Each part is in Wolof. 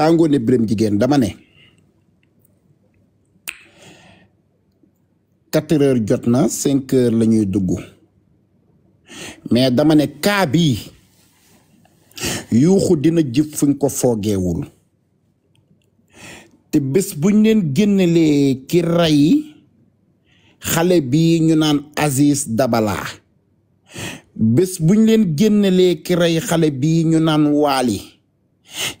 saa biram jigéen dama ne quatre jot na cinq heures dugg mais dama ne kaa bii yuuxu dina jib fuñ ko foogewul te bés buñ leen génnelee ki rey xale bi ñu naan asis Dabala bés buñ leen génnelee ki rey xale bi ñu naan Waali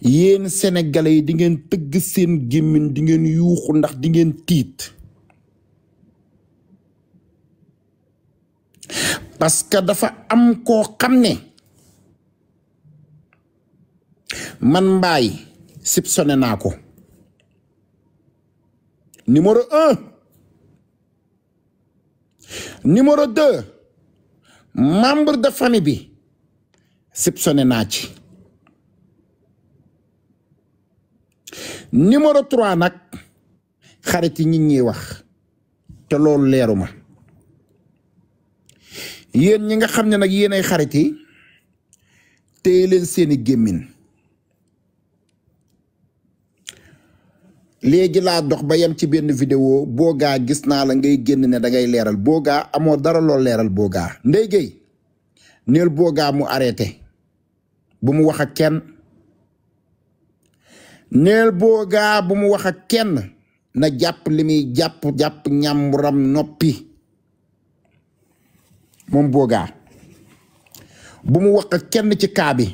yéen sénégalais yi di ngeen tëgg seen gémmiñ di ngeen yuuxu ndax dingeen tiit parce que dafa am koo xam ne man mbaay sib sone naa ko numéro un numéro deux membre de famille bi sib sone naa ci numéro trois nag xarit yi nit ñiy wax te loolu leeru ma yéen ñi nga xam ne nag yéen ay xarit yi téye leen seeni gémmiñ léegi laa dox ba yam ci benn vidéo boogaa gis naa la ngay génn ne dangay leeral boogaa amoo dara loo leeral boogaa ndey géey neel boogaa mu arrêté bu mu wax ak kenn neel boo bu mu wax kenn na jàpp li jàpp jàpp ñàmburam noppi moom boo bu mu wax kenn ci kaa bi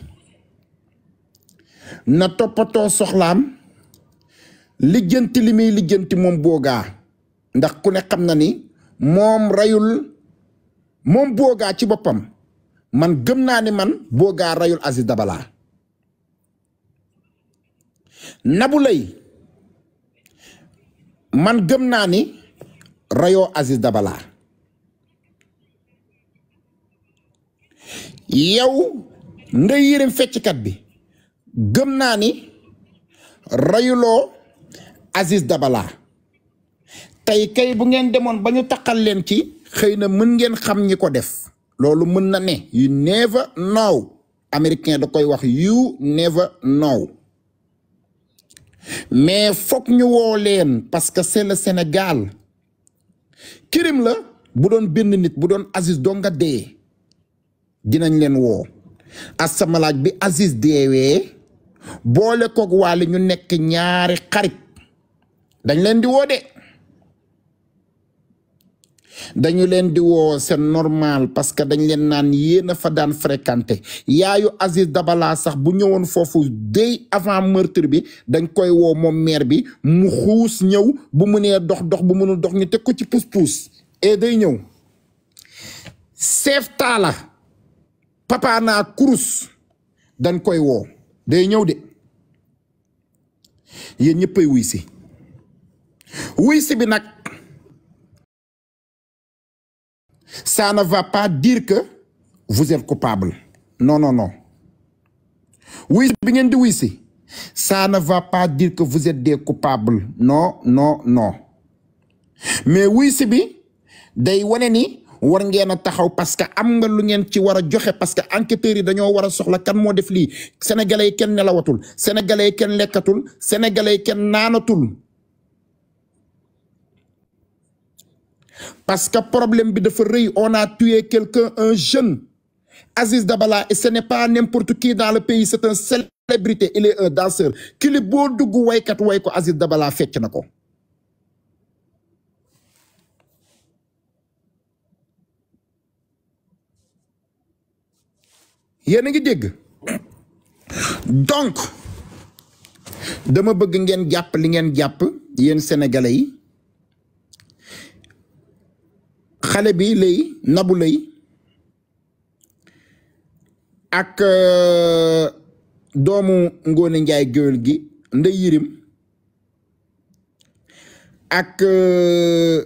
na toppatoo soxlaam lijjanti li muy lijjanti moom boo ndax ku ne xam na ni moom rayul moom boo ci boppam man gëm naa ni man boo rayul Aziz Dabala Nabou Leye man gëm naa ni rayoo Aziz Dabala yow Ndeye Yérim fecckat bi gëm naa ni rayuloo Aziz Dabala tey kay bu ngeen demoon ba ñu taqal leen ci xëy na mën ngeen xam ñi ko def loolu mën na ne you never know americain da koy wax yu never know mais foog ñu woo leen parce que c'est le Sénégal crime la bu doon benn nit bu doon Aziz donga nga dee dinañ leen woo asama laaj bi Aziz deewee boole koog waale ñu nekk ñaari xarit dañ leen di woo de dañu leen di woo c'est normal parce que dañ leen naan yéen a fa daan fréquente yaayu Aziz Dabala sax bu ñëwoon foofu day avant meurtre bi dañ koy woo moom maire bi mu xuus ñëw bu mënee dox dox bu mënul dox ñu teg ko ci puus-puus et day ñëw chef taala papa kurus dañ koy woo day ñëw de yéen ñëppay wuy si bi nag saana ne va pas dire que vous êtes coupable non non bi ngeen di wuy si ça ne va pas dire que vous êtes des mais wuy si bi day wane ni war ngeen a taxaw parce que am nga lu ngeen ci war a joxe parce que enquêteurs yi dañoo war a soxla kan moo def lii sénégalais yi kenn nelawatul sénégalais yi kenn lekkatul sénégalais yi kenn naanatul parce que problème bi dafa rëy on a tué quelqu'un un jeune Aziz Dabala bala ce n'est pas n'importe dans le pays c'est un célébrité il est un danseur clip boo dugg waykat way ko Aziz Dabala fecc na ko yéen a ngi dégg donc dama bëgg ngeen jàpp li ngeen jàpp yéen sénégalais yi xale bi lay nabu lay ak euh, doomu Ngoone Njaay géwél gi ndey yirim ak euh,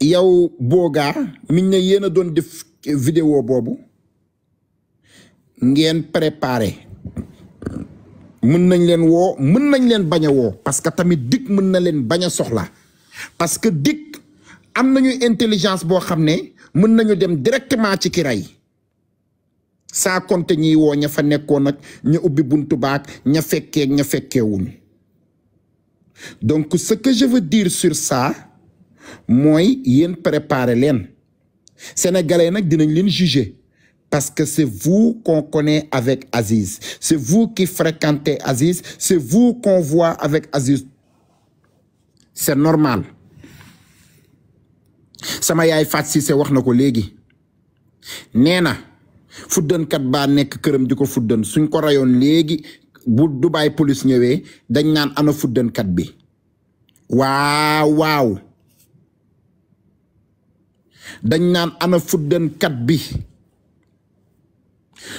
yow booga miñ na yéen a doon def vidéo boobu ngeen préparé mën nañ leen woo mën nañ leen bañ a woo parce que tamit dig mën na leen bañ a soxla parce que dig am nañu intelligence boo xam ne mën nañu dem directement ci ki rey saa compte ñiy woo ña fa nekkoon nag ña ubbi bunt baax ña fekkee ña fekkeewuñ donc ce que je veux dire sur ça mooy yéen préparer leen sénégalais nag dinañ leen juger parce que c'est vous qu'on connaît avec Aziz c'est vous qui fréquentez Aziz c'est vous qu'on voit avec Aziz c'est normal sama yaay Fatou se wax na ko léegi nee na fuddankat ba nekk këram di ko fuddan suñ ko rayoon léegi bu Dubai police ñëwee dañ naan ana fuddankat bi waaw dañ naan ana fuddankat bi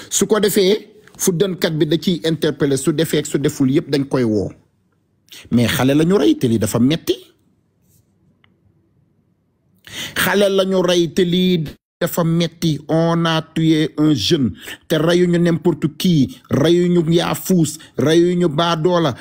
su ko defee fuddankat bi da ciy interpeller su defee su deful yëpp dañ koy woo mais xale la ñu rey dafa metti xale lañu rey te lii dafa metti on a tué un jeune te rey n'importe qui reyuñu yaafuus reyuñu baadoola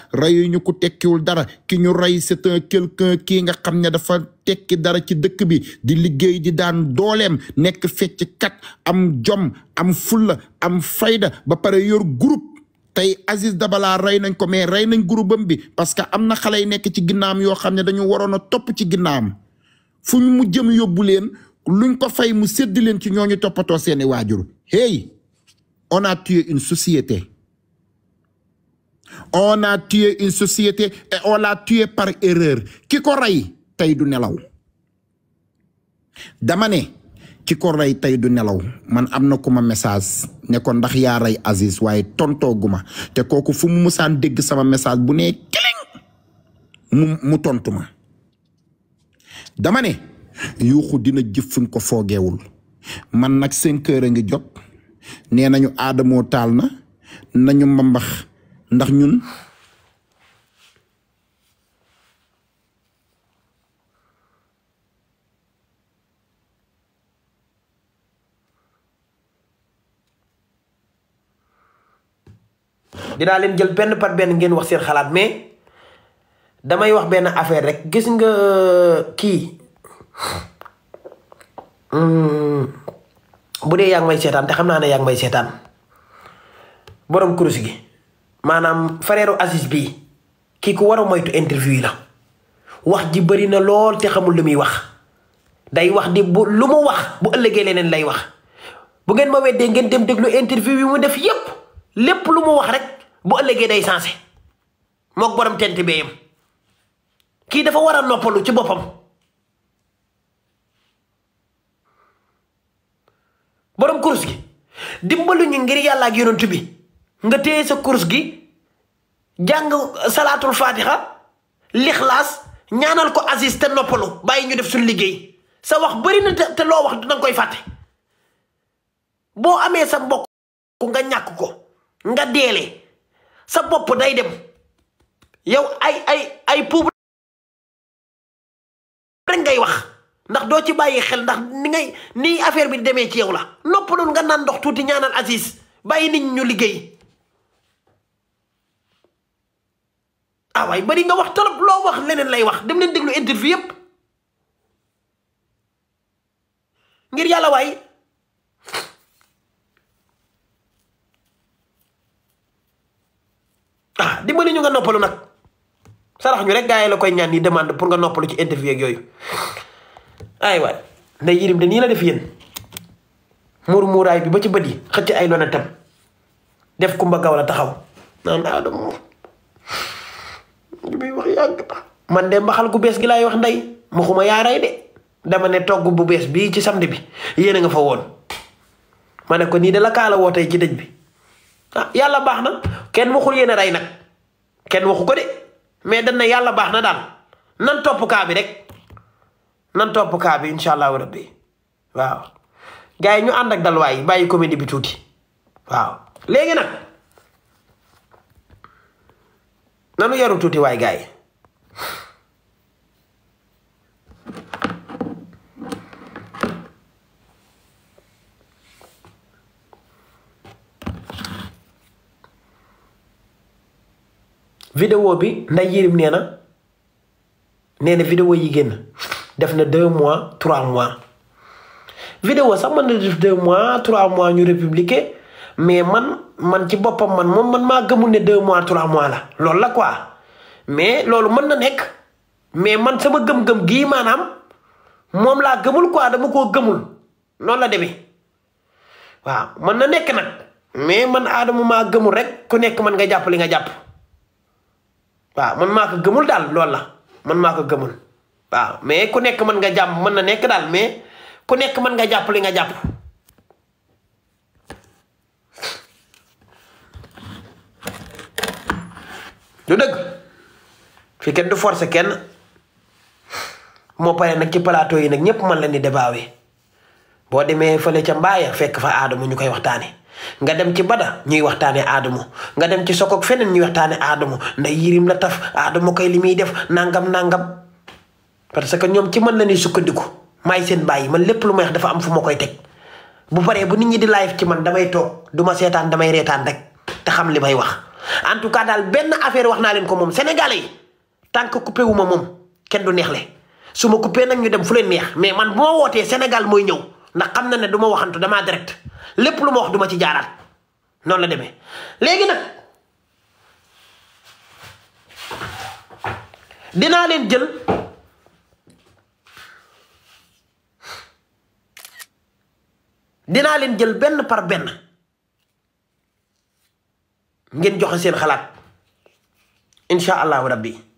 ñu ku tekkiwul dara ki ñu rey c'est un quelqu'un kii nga xam ne dafa tekki dara ci dëkk bi di liggéey di daan dooleem nekk fecc kat am jom am fulla am fayda ba pare yor groupe tey Aziz Dabala rey nañ ko mais rey nañ groupe am bi parce que am na xale yi nekk ci ginnaam yoo xam ne dañu waroon a topp ci ginnaam fu mu jëm yóbbu leen luñ ko fay mu sedd leen ci ñooñu toppatoo seeni waajur hey on a tué une société on a tué et on l'a par erreur ki ko rey tey du nelaw dama ne ki ko rey tey du nelaw man am na ku ma message ne ko ndax yaa rey Aziz waaye tontooguma te kooku fu mu musaan dégg sama message bu ne kiling mu mu tontu ma dama ne yuuxu dina jëf fuñ ko foogeewul man nag cinq a ngi jot nee nañu aadamoo taal na nañu mbambax ndax ñun dinaa leen jël benn pat benn ngeen wax seen xalaat mais damay wax benn affaire rek gis nga euh, kii hmm. bu dee yaa may seetaan te xam naa ne yaa ngi may seetaan borom kurus gi maanaam frère Aziz bi kii ko war a moytu interview yi la wax ji bëri na lool te xamul lu muy wax day wax di bu lu mu wax bu ëllëgee leneen lay wax bu ngeen ma weddee ngeen dem déglu interview yi mu def yëpp lépp lu mu wax rek bu ëllëgee day sensé mook borom tent beeyam kii dafa war a noppalu ci boppam borom course gi dimbalu ñu ngir yàlla ak yonent bi nga téye sa course gi jàng salaatul fatiha lixlaas ñaanal ko Aziz te noppalu bàyyi ñu def suñ liggéey sa wax bëri na te loo wax dina koy fàtte boo amee sa mbokk nga ñàkk ko nga deele sa bopp day dem yow ay ay ay wax ndax doo ci bàyyi xel ndax ni ngay ni affaire bi demee ci yow la noppalul nga naan ndox tuuti ñaanal Aziz bàyyi nit ñu liggéey ah waay bari nga wax trop loo wax leneen lay wax dem leen déglu interview yépp ngir yàlla waay ah dimbali ñu nga noppalu nag sarax ñu rek gars yi la koy ñaan yi demande pour nga noppalu ci interview ak yooyu ay waay yirim de nii la def yéen muur muuraay bi ba ci bët yi xëcc ay tem def kumba gaw la taxaw naan man de mbaxal gu bees gi laay wax nday maxuma yaaray de dama ne togg bu bees bii ci samedi bi yéen a nga fa woon ma nii dala kaala woo ci dëj bi ah yàlla baax na kenn waxul yéen a rey nag kenn waxu ko de mais dañ na yàlla baax na daal nan topp kaa bi rek nan topp kaa bi incha allahu rabbi waaw gars yi ñu ànd ak dal waay bàyyi comédie bi tuuti waaw léegi nag nanu yaru tuuti waay gars yi vidéo bi nday yërim nee na nee na vidéo yi génn def na deux mois trois mois vidéo sax mën na def deux mois trois mois ñu républiqué mais man man ci boppam man moom man maa gëmul ne deux mois trois mois la loolu la quoi mais loolu mën na nekk mais man sama gëm-gëm gii maanaam moom laa gëmul quoi dama koo gëmul noonu la demee waaw mën na nekk nag mais man aadama maa gëmul rek ku nekk man nga jàpp li nga jàpp waaw man maa ko gëmul daal loolu la man maa ko gëmul waaw mais ku nekk mën nga jàmm mën na nekk daal mais ku nekk mën nga jàpp li nga jàpp du dëgg fi kenn du forcer kenn moo paree nag ci plateau yi nag ñëpp mën la ni débaawee boo demee fële ca mbaaya fekk fa aadama ñu koy waxtaane nga dem ci bada ñuy waxtaane aadamu nga dem ci sokok feneen ñuy waxtaane aadamu nda yirim la taf aadamu kay li muy def nangam nangam parce que ñoom ci mën la ñuy sukkandiku maay seen bàyyi man lépp lu may wax dafa am fu ma koy teg bu paree bu nit ñi di live ci man damay toog du seetaan damay reetaan rek te xam li may wax en tout cas daal benn affaire wax naa leen ko moom sénégalais tant que coupé wu ma moom kenn du neexle su ma coupé nag ñu dem fu leen neex mais man bu ma wootee Sénégal mooy ñëw ndax xam na ne du ma waxantu damaa direct lépp lu ma wax duma ci jaaraat noonu la deme léegi nag dinaa leen jël dinaa leen jël benn par benn ngeen joxe seen xalaat incha allahu rabbi